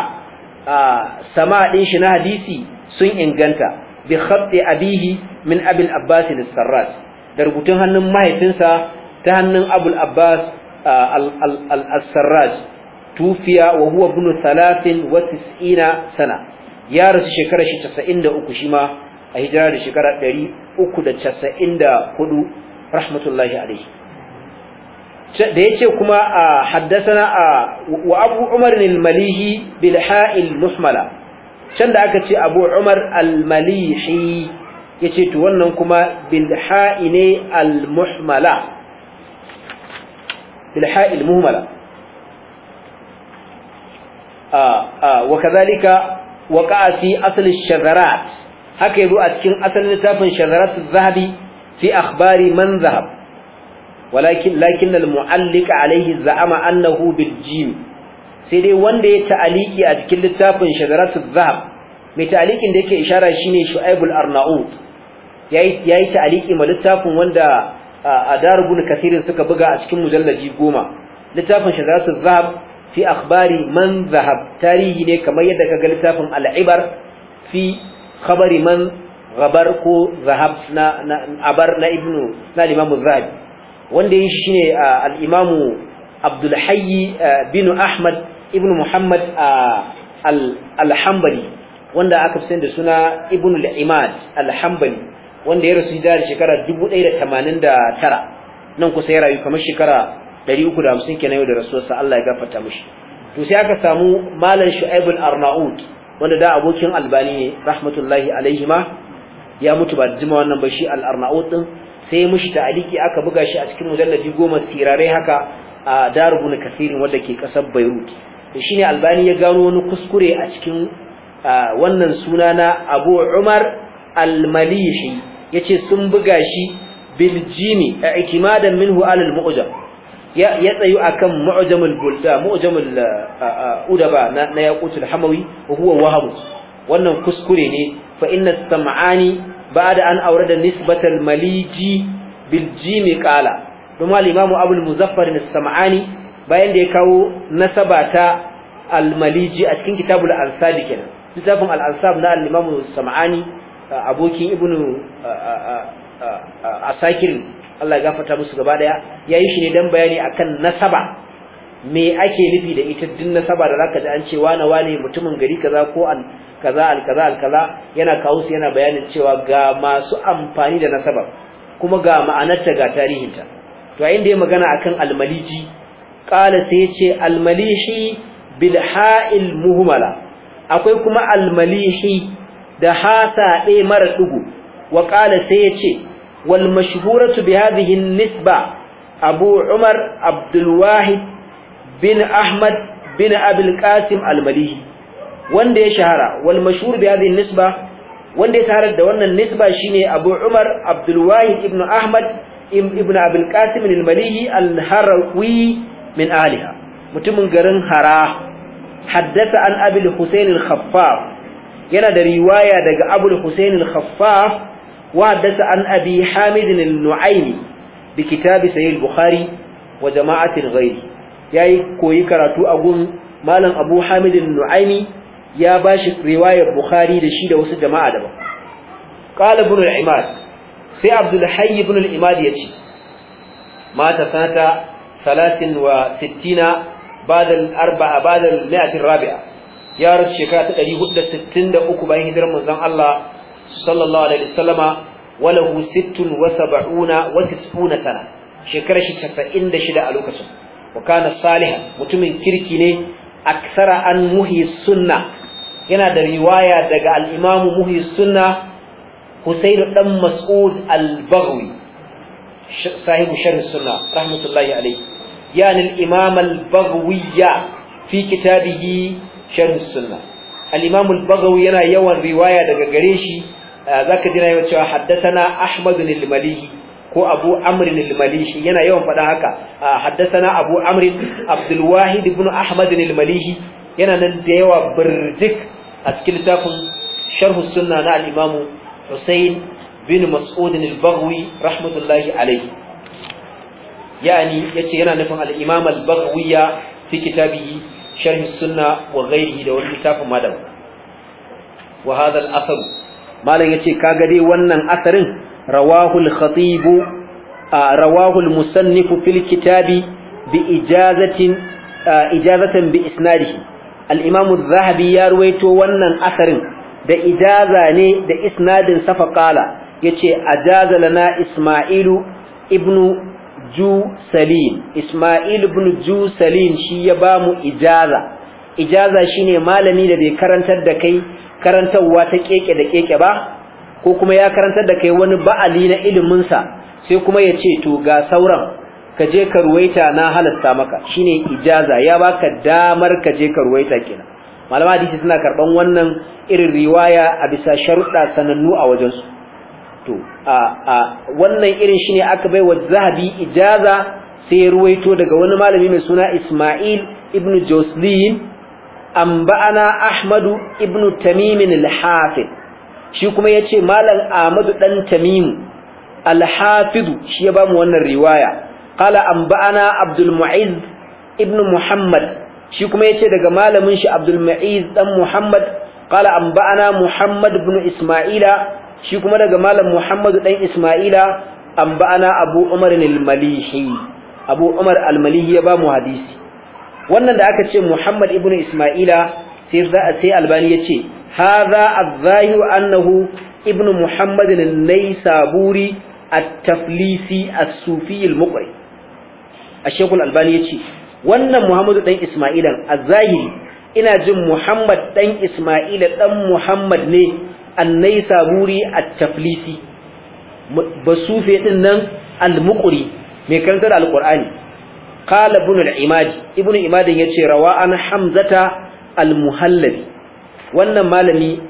sama'a din shi na hadisi sun inganta bi khatti abihi min abul abbas al-sarras da rubutun hannun mahaifinsa ta hannun abul abbas al-sarras tufiya wa huwa ibn 93 sana ya rasu shekara 93 shi ma a hijira da shekara 394 rahmatullahi alaihi da yace kuma a haddasana wa abu umar al-malihi bil ha'il muhmala can da aka ce abu umar al-malihi ya ce tu wannan kuma bilha'i al-muhmala bilha'i a a wa kazalika wa fi asalin shazarat haka yazo a cikin asalin littafin shazarat zahabi fi akhbari man zahab walakin lakin al-mu'alliq alayhi za'ama annahu bil jim sai dai wanda ya ta'aliki a cikin littafin shagaratu zahab mai ta'alikin da yake ishara shine shu'aibul arnaud yayi yayi ta'aliki ma littafin wanda a darubul kathir suka buga a cikin mujallaji 10 littafin shagaratu zahab fi akhbari man zahab tarihi ne kamar yadda kaga littafin al-ibar fi khabari man gabar ko zahab na abar na ibnu na al zahabi wanda yin shi shine al-imam Abdul Hayy bin Ahmad ibnu muhammad al-hanbali wanda aka fi da suna ibnu al-imad al-hanbali wanda ya rasu da shekara 1089 nan kusa ya rayu kamar shekara 350 kenan yau da rasuwarsa Allah ya gafarta mishi to sai aka samu malam shu'aib al-arnaud wanda da abokin albani ne rahmatullahi ma ya mutu ba jima wannan ba shi al-arnaud din sai mushi aliki aka buga shi a cikin mujallabi goma sirarai haka a darubun kasirin wanda ke kasar Beirut to shine albani ya gano wani kuskure a cikin wannan suna na abu umar al-malihi yace sun buga shi bil a i'timadan minhu ala al ya tsayu akan mu'jamul bulda mu'jamul udaba na yaqutul hamawi wa huwa wahab wannan kuskure ne fa inna sam'ani da an da nisbatal maliji bil jimi qala kuma al-imamu abul muzaffar as-sam'ani bayan da ya kawo nasaba ta al-maliji a cikin kitabul ansab kenan littafin al-ansab na al-imam sam'ani abokin ibnu asakir Allah ya gafarta musu gaba daya yayi shi ne dan bayani akan nasaba me ake nufi da ita din nasaba da zaka ji an ce wani wani mutumin gari kaza ko an kaza al kaza al kaza yana kawo su yana bayanin cewa ga masu amfani da nasaba kuma ga ma'anarta ga tarihinta to yayin da ya magana akan almaliji qala sai yace almalihi bil ha'il muhmala akwai kuma almalihi da ha saɗe mara ɗugu. wa qala sai yace wal mashhuratu bi hadhihi nisba abu umar abdul bin ahmad bin abul qasim almalihi wanda ya shahara wal mashhur bi hadhihi nisba wanda ya tarar da wannan nisba shine Abu Umar Abdul ibn Ahmad ibn Abdul Qasim al-Malihi al-Harawi min aliha mutumin garin hara haddasa an abul husain yana da riwaya daga abul husain wa haddasa an abi hamid al-nu'aymi bi kitab sahih al-bukhari wa jama'atin ghairi yayi koyi karatu a gun malam abu hamid al-nu'aymi ya bashi riwayar bukhari da shi da wasu jama'a daban Ƙala ibn al sai Abdulhayyi hayy ibn ya imad yace mata sata ثلاث وستين بعد الأربعة بعد المائة الرابعة يا رسول شكرا تقلي هدى ستين أكو باين هدر من الله صلى الله عليه وسلم وله ست وسبعون وتسعون سنة شكرا شكرا إن دشدا ألوكسون وكان صالحا متمن كيركيني أكثر أن مهي السنة yana da riwaya daga al-Imam Muhyi Sunna Husayn dan Mas'ud al-Baghawi sahibu sharh sunna rahmatullahi alayhi yani al-imam al-baghawiyya fi kitabihi sharh sunna al-imam al-baghawi yana yawan riwaya daga gare shi ah, zaka ji yana cewa haddathana ahmad al-malihi ko abu amr al-malihi yana yawan faɗa haka ah, haddathana abu amr abdul wahid ibn ahmad al-malihi yana nan da yawa birjik a cikin littafin sharh sunna na al-imam Hussein bin mas'udin al rahmatullahi alayhi yani yace yana nufin al-imam al-baghawiya fi kitabihi sharh sunna wa da wani littafin madam wa hadha al-athar malam yace kaga dai wannan asarin rawahu al-khatib rawahu al-musannif fil kitabi bi ijazatin ijazatan bi isnadihi al-imam adh ya ruwaito wannan asarin da ijaza ne da isnadin safa qala yace ajaza lana isma'ilu ibnu ju salim isma'il ibn ju salim shi ya bamu ijaza ijaza shine malami da bai karantar da kai karantarwa ta keke da keke ba ko kuma ya karantar da kai wani ba'ali na ilimin sa sai kuma yace to ga sauran ka je ka ruwaita na halatta maka shine ijaza ya baka damar ka je ka ruwaita kenan malama hadisi suna karban wannan irin riwaya a bisa sharuɗa sanannu a wajensu to a a wannan irin shine aka bai wa zahabi ijaza sai ruwaito daga wani malami mai suna Ismail ibn Joslin anba'ana Ahmadu ibn Tamim al-Hafiz shi kuma yace malam Ahmadu dan Tamim al-Hafiz shi ya bamu wannan riwaya qala anba'ana Abdul Mu'izz ibn Muhammad shi kuma yace daga malamin shi Abdul Mu'izz dan Muhammad qala anba'ana Muhammad ibn Isma'ila shi kuma daga malam Muhammadu dan Isma'ila ba'ana Abu Umar al-Malihi Abu Umar al-Malihi ya ba mu hadisi wannan da aka ce Muhammad ibn Isma'ila sai sai Albani yace hadha az-zahiru annahu ibn Muhammad al-Naisaburi at-Taflisi as-Sufi al-Muqri Sheikh al-Albani yace wannan Muhammadu dan ismaila a,zahiri ina jin Muhammad dan Isma'ila dan Muhammad ne annai saburi a taflisi ba sufe ɗin nan almukuri mai karantar ƙurani qala ibn al-imadi ibn ya yace rawa an hamzata al-muhallabi wannan malami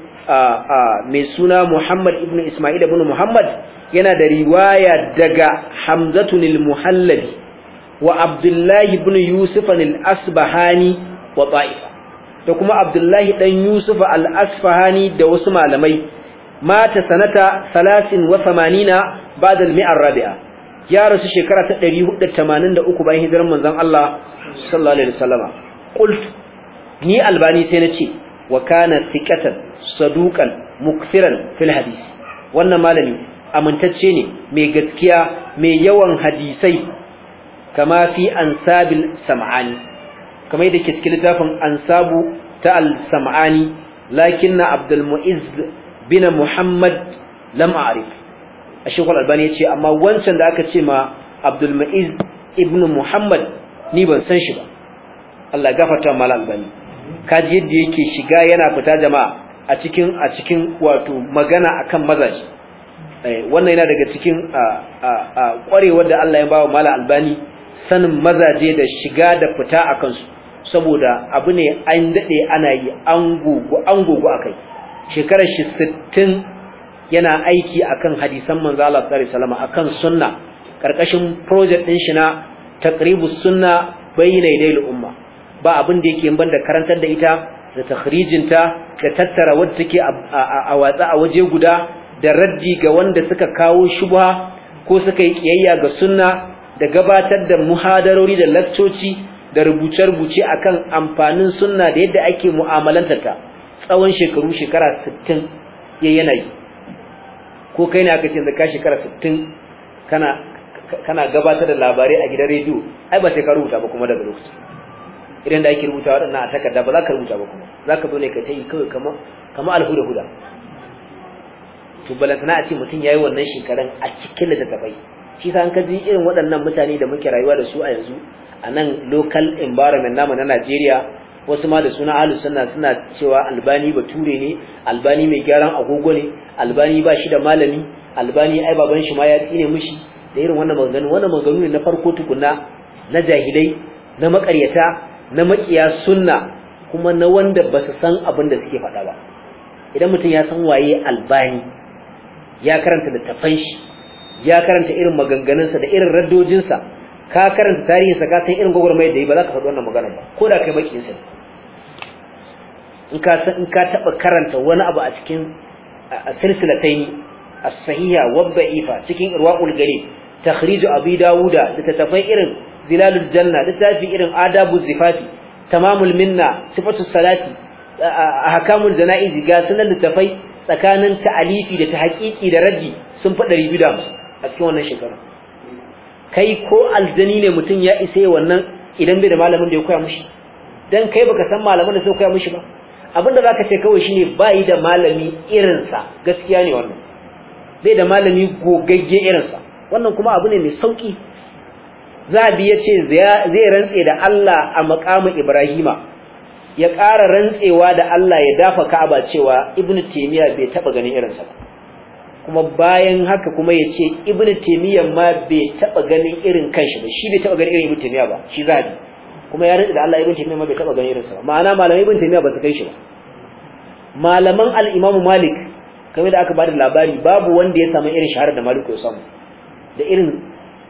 mai suna muhammad ibn isma'il ibn muhammad yana da riwaya daga hamzatun al-muhallabi wa abdullahi ibn yusuf al-asbahani wa ta'ifa da kuma Abdullahi dan Yusuf al-Asfahani da wasu malamai mata sanata 83 ba'da al-mi'a rabi'a ya rasu shekara ta 483 bayan hijiran manzon Allah sallallahu alaihi wasallama qult ni albani sai nace wa kana thiqatan saduqan mukthiran fil hadith wannan malami amintacce ne mai gaskiya mai yawan hadisai kama fi ansabil sam'ani kamar da ke cikin littafin ansabu ta al-sam'ani lakinna abdul mu'izz bin muhammad lam a'rif ashekul albani yace amma wancan da aka ce ma abdul mu'izz ibnu muhammad ni ban san shi ba Allah gafarta mal albani kaji yadda yake shiga yana fita jama'a a cikin a cikin wato magana akan mazaji eh, wannan yana daga cikin kwarewar da Allah ya ba wa mal albani sanin mazaje da shiga da fita a kansu saboda abu ne an dade ana yi an gugu an gugu akai shekarar shi 60 yana aiki akan hadisan manzo Allah sallallahu alaihi wasallam akan sunna karkashin project din shi na taqribu sunna bayna yadayil umma ba abin da yake banda karantar da ita da takhrijinta da tattara wanda take a watsa a waje guda da raddi ga wanda suka kawo shubha ko suka yi kiyayya ga sunna da gabatar da muhadarori da lakcoci da rubuce-rubuce akan amfanin sunna da yadda ake mu'amalanta ta tsawon shekaru shekara 60 ya yanayi ko kai ne aka ce zaka shekara 60 kana kana gabatar da labarai a gidan rediyo ai ba sai ka rubuta ba kuma daga lokaci idan da ake rubuta waɗannan a takarda ba za ka rubuta ba kuma za ka zo ne ka ta yi kawai kama kama alhuda-huda to balantana a ce mutum ya yi wannan shekaran a cikin littattafai shi sa an ka ji irin waɗannan mutane da muke rayuwa da su a yanzu a nan local environment namu na Najeriya wasu ma da suna ahlus sunna suna cewa albani bature ne albani mai gyaran agogo ne albani ba shi da malami albani ai baban shi ma ya tsine mishi da irin wannan maganganu wannan maganganu ne na farko tukuna na jahilai na makaryata na makiya sunna kuma na wanda ba su san abin da suke faɗa ba idan mutum ya san waye albani ya karanta littafan shi ya karanta irin maganganunsa da irin raddojinsa ka karanta tarihin sa ka san irin gwagwarmayar da yi ba za ka faɗi wannan magana ba ko da kai makiyin sa in ka san in ka taɓa karanta wani abu a cikin silsilatai as-sahiha wa ba'ifa cikin irwaul gari, takhrij abi da'uda, da tafai irin zilalul janna da fi irin adabu zifati tamamul minna sifatu salati ahkamul janaiz ga sunan tafai tsakanin ta'alifi da tahqiqi da raddi sun fi 250 a cikin wannan shekarar kai ko aljani ne mutum ya isa wannan idan bai da malamin da ya koya mishi dan kai baka san malamin da sai koya mishi ba abinda zaka ce kawai shine bai da malami irin sa, gaskiya ne wannan bai da malami gogagge sa, wannan kuma abu ne mai sauki zabi ce zai rantse da Allah a makamin Ibrahima ya ƙara rantsewa da Allah ya dafa Ka'aba cewa Ibn Taymiyyah bai taba ganin irin sa ba kuma bayan haka kuma ya ce ibn taimiyya ma bai taɓa ganin irin kanshi ba shi bai taɓa ganin irin ibn taimiyya ba shi zahabi kuma ya rantsa da Allah ibn taimiyya ma bai taɓa ganin irin irinsa ba ma'ana malamai ibn taimiyya ba su kai shi ba malaman al-imamu malik kamar da aka bada labari babu wanda ya samu irin shahara da malik ya samu da irin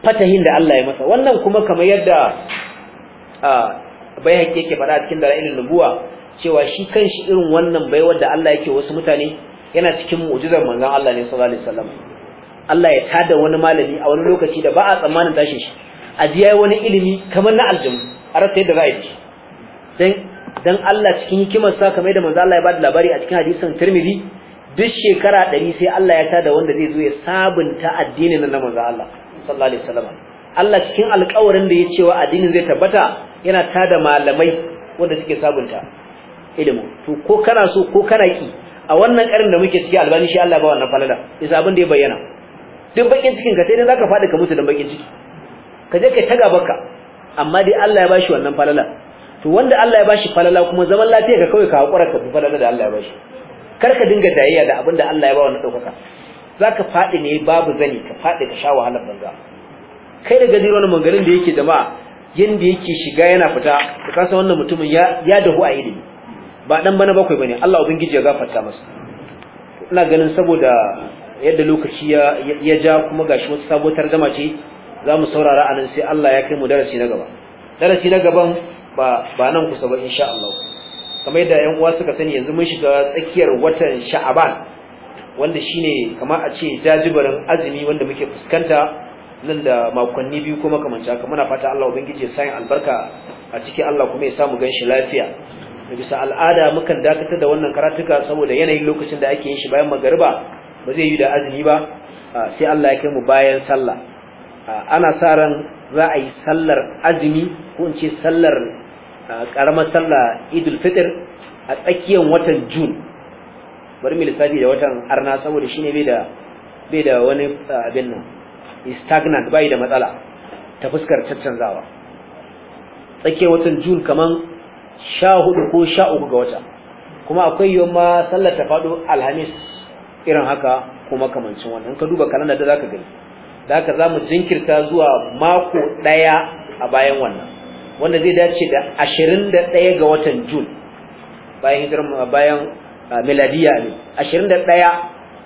fatahin da Allah ya masa wannan kuma kamar yadda bai haƙƙi yake faɗa cikin dalilin nubuwa cewa shi kanshi irin wannan baiwar da Allah yake wasu mutane yana cikin mu'jizar manzon Allah ne sallallahu alaihi wasallam Allah ya tada wani malami a wani lokaci da ba a tsammanin tashin shi a ji yayi wani ilimi kamar na aljum a rasa yadda za a yi dan dan Allah cikin hikimar sa kamar da manzon Allah ya bada labari a cikin hadisin Tirmidhi duk shekara ɗari sai Allah ya tada wanda zai zo ya sabunta addinin na manzon Allah sallallahu alaihi wasallam Allah cikin alƙawarin da ya ce wa addinin zai tabbata yana tada malamai wanda suke sabunta ilimin to ko kana so ko kana ki a wannan karin da muke ciki albani shi Allah ba wannan falala isa abin da ya bayyana duk bakin cikin ka sai dai zaka fadi ka mutu dan bakin ciki ka je kai taga baka amma dai Allah ya bashi wannan falala to wanda Allah ya bashi falala kuma zaman lafiya ka kawai ka hakura ka falala da Allah ya bashi kar ka dinga tayayya da abin da Allah ya ba wannan daukaka zaka fadi ne babu zani ka fadi ka sha wahalar banza kai da gajiro wannan mangarin da yake jama'a yanda yake shiga yana fita ka san wannan mutumin ya ya dahu a ilimi ba dan bana bakwai bane Allah ubangiji ya gafarta masa ina ganin saboda yadda lokaci ya ja kuma gashi wata sabuwar tarjuma ce zamu mu saurara anan sai Allah ya kai mu darasi na gaba darasi na gaban ba ba nan kusa ba insha Allah kamar yadda ƴan uwa suka sani yanzu mun shiga tsakiyar watan Sha'aban wanda shine kamar a ce jajibarin azumi wanda muke fuskanta nan da makonni biyu kuma kamar haka muna fata Allah ubangiji ya sa albarka a ciki Allah kuma ya sa mu ganshi lafiya da bisa al'ada mukan dakatar da wannan karatuka saboda yanayin lokacin da ake yin shi bayan magariba ba zai yi da azumi ba sai Allah ya kai mu bayan sallah ana sa ran za a yi sallar azumi ko in ce sallar karamar sallah idul fitr a tsakiyar watan june bari mu lissafi da watan arna saboda shine bai da bai da wani abin nan stagnant bai da matsala ta fuskar caccanzawa tsakiyar watan june kaman sha hudu ko sha uku ga wata kuma akwai yiwuwar ma sallar ta faɗo alhamis irin haka ko makamancin wannan ka duba kalanda da zaka gani da haka za mu jinkirta zuwa mako ɗaya a bayan wannan wanda zai dace da ashirin da ɗaya ga watan jun bayan hijirar bayan ah, miladiya ne ashirin da ɗaya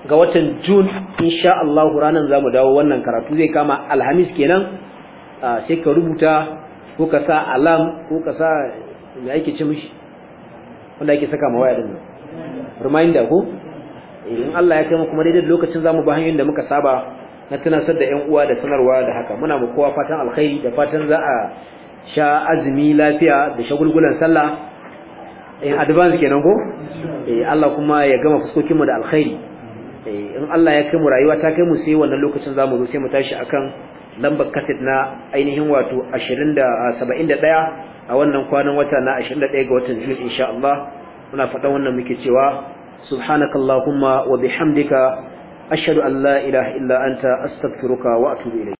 ga watan jun insha Allah ranar za mu dawo wannan karatu zai kama alhamis kenan ah, sai ka rubuta ko ka sa alam ko ka sa me ake ce mishi wanda ake saka ma waya din nan reminder ko eh, in Allah ya kai mu kuma daidai lokacin zamu ba hanyoyin da muka saba na tunasar da ƴan uwa da sanarwa da haka muna mu kowa fatan alkhairi da fatan za a sha azumi lafiya da shagulgulan sallah in eh, advance kenan ko eh Allah kuma ya gama fuskokin mu da alkhairi eh in Allah ya kai mu rayuwa ta kai mu sai wannan lokacin zamu zo sai mu tashi akan lambar kaset na ainihin wato 20 da 71 ah, a wannan kwanan wata na 21 ga watan Jun insha Allah muna faɗan wannan muke cewa subhanakallahumma wa bihamdika ashhadu an la ilaha illa anta astaghfiruka wa atubu ilayk